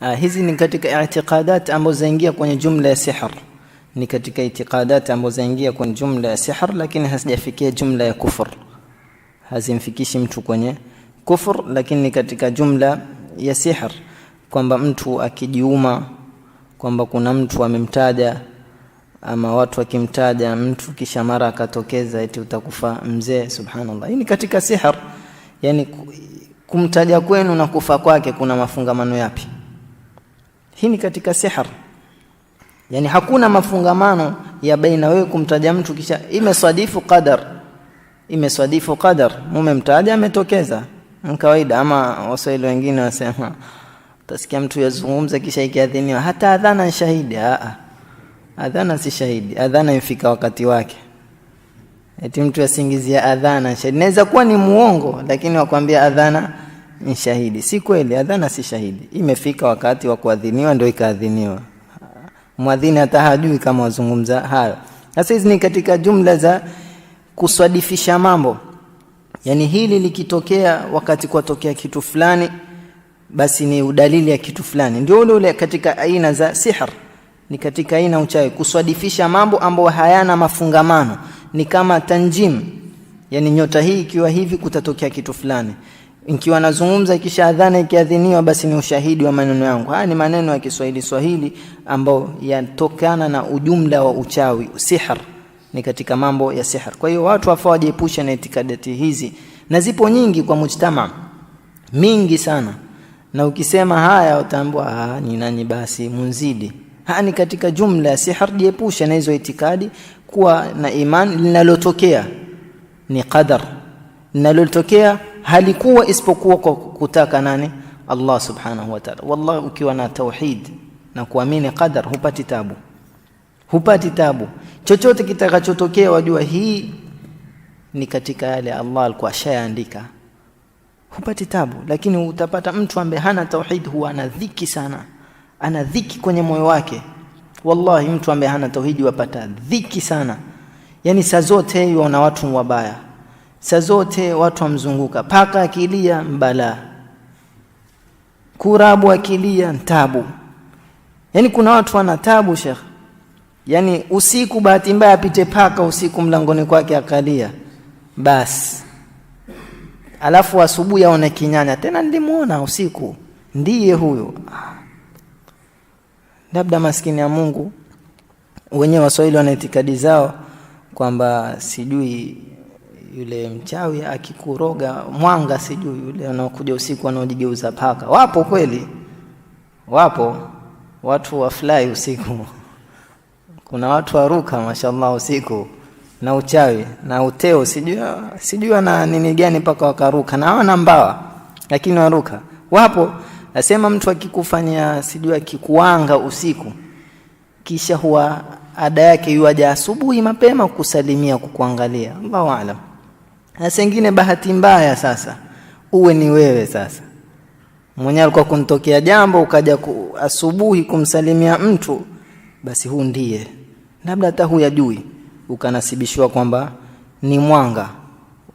Uh, hizi ni katika i'tiqadat ambazo zaingia kwenye jumla ya sihr, ni katika i'tiqadat ambazo zaingia kwenye jumla ya sihr, lakini hasijafikia jumla ya kufur, hazimfikishi mtu kwenye kufur, lakini ni katika jumla ya sihr kwamba mtu akijiuma kwamba kuna mtu amemtaja ama watu akimtaja mtu kisha mara akatokeza eti utakufa mzee. Subhanallah, hii ni katika sihr. Yani kumtaja kwenu na kufa kwake kuna mafungamano yapi? Hii ni katika sihar. yani hakuna mafungamano ya baina wewe kumtaja mtu kisha imeswadifu qadar. Imeswadifu qadar. Mume mtaja ametokeza. Ni kawaida ama waswahili wengine wasema utasikia mtu yazungumza kisha ikiadhiniwa hata adhana shahidi. a adhana si shahidi, adhana imfika wakati wake. Eti mtu asingizia adhana shahidi, naweza kuwa ni muongo, lakini wakwambia adhana ni shahidi. Si kweli, adhana si shahidi. Imefika wakati wa kuadhiniwa, ndio ikaadhiniwa. Mwadhini hata hajui kama wazungumza hayo. Sasa hizi ni katika jumla za kuswadifisha mambo, yaani hili likitokea wakati kwatokea kitu fulani, basi ni udalili ya kitu fulani. Ndio ule ule katika aina za sihr, ni katika aina uchawi, kuswadifisha mambo ambayo hayana mafungamano, ni kama tanjim, yaani nyota hii ikiwa hivi kutatokea kitu fulani nkiwa nazungumza kisha adhana ikiadhiniwa, basi ni ushahidi wa maneno yangu. Haya ni maneno ya Kiswahili Swahili ambayo yatokana na ujumla wa uchawi, sihr ni katika mambo ya sihr. Kwa hiyo watu wafaa wajiepushe na itikadati hizi, na zipo nyingi kwa mujtama, mingi sana. Na ukisema haya utaambiwa ah, ni nani? Basi munzidi haya ni katika jumla ya sihr. Jiepushe na hizo itikadi, kuwa na imani linalotokea ni qadar linalotokea halikuwa isipokuwa kwa kutaka nani? Allah subhanahu wa ta'ala. Wallahi, ukiwa na tauhid na kuamini qadar hupati tabu, hupati tabu. Chochote kitakachotokea wajua hii ni katika yale Allah alikuwa ashayaandika, hupati tabu. Lakini utapata mtu ambaye hana tauhid huwa ana dhiki sana, ana dhiki kwenye moyo wake. Wallahi, mtu ambaye hana tauhid wapata dhiki sana, yani saa zote yeye na watu wabaya saa zote watu wamzunguka, paka akilia mbala kurabu akilia tabu. Yani kuna watu wana tabu shekh, yani usiku, bahati mbaya apite paka usiku mlangoni kwake akalia, basi alafu asubuhi aone kinyanya tena, nilimuona usiku, ndiye huyo. Labda maskini ya Mungu wenyewe, Waswahili wana itikadi zao kwamba sijui yule mchawi akikuroga mwanga, sijui yule anaokuja usiku anaojigeuza paka. Wapo kweli, wapo watu wa fly usiku, kuna watu waruka, mashallah, usiku na uchawi na uteo, sijui sijui ana nini gani paka wakaruka, na wana mbawa lakini waruka, wapo. Nasema mtu akikufanya sijui akikuanga usiku, kisha huwa ada yake yuaja asubuhi mapema kukusalimia, kukuangalia. Allahu aalam. Asengine ah, bahati mbaya sasa uwe ni wewe sasa mwenye alikuwa kuntokea jambo ukaja ku, asubuhi kumsalimia mtu, basi huu ndiye labda hata huyajui, ukanasibishwa kwamba ni mwanga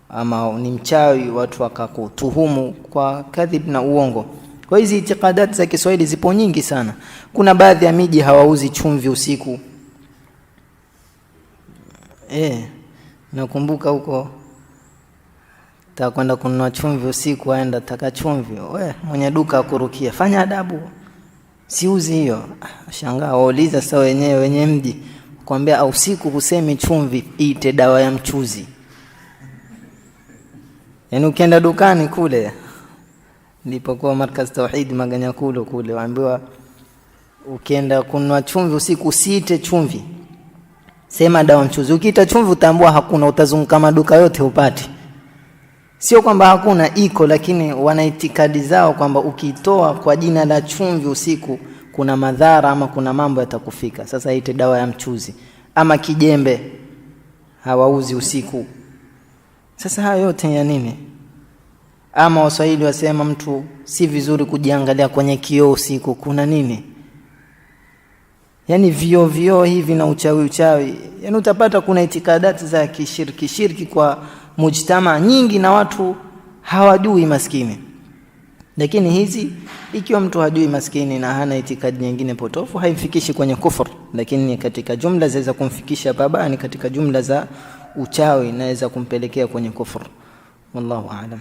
ama ni mchawi, watu wakakutuhumu kwa kadhib na uongo. Kwa hizi itikadati za Kiswahili zipo nyingi sana. Kuna baadhi ya miji hawauzi chumvi usiku Eh, nakumbuka huko takwenda kununua chumvi usiku, aenda taka chumvi, we mwenye duka akurukia, fanya adabu, siuzi hiyo. Shangaa wauliza sasa wenyewe wenye mji kwambia, au siku husemi chumvi ite dawa ya mchuzi. yaani ukienda dukani kule nilipokuwa Markaz Tauhid Maganyakulu kule, waambiwa ukienda kunwa chumvi usiku usiite chumvi, sema dawa mchuzi. Ukiita chumvi utaambua hakuna, utazunguka maduka yote upati Sio kwamba hakuna, iko, lakini wana itikadi zao kwamba ukitoa kwa jina la chumvi usiku kuna madhara ama kuna mambo yatakufika. Sasa ite dawa ya mchuzi ama kijembe hawauzi usiku. Sasa hayo yote ya nini? Ama Waswahili wasema mtu si vizuri kujiangalia kwenye kioo usiku, kuna nini? Yaani vioo vioo hivi na uchawi uchawi, yaani utapata kuna itikadati za kishiriki shirki kwa mujtama nyingi na watu hawajui maskini. Lakini hizi ikiwa mtu hajui maskini na hana itikadi nyingine potofu haimfikishi kwenye kufur, lakini katika jumla zaweza kumfikisha babani, katika jumla za uchawi naweza kumpelekea kwenye kufur. Wallahu aalam.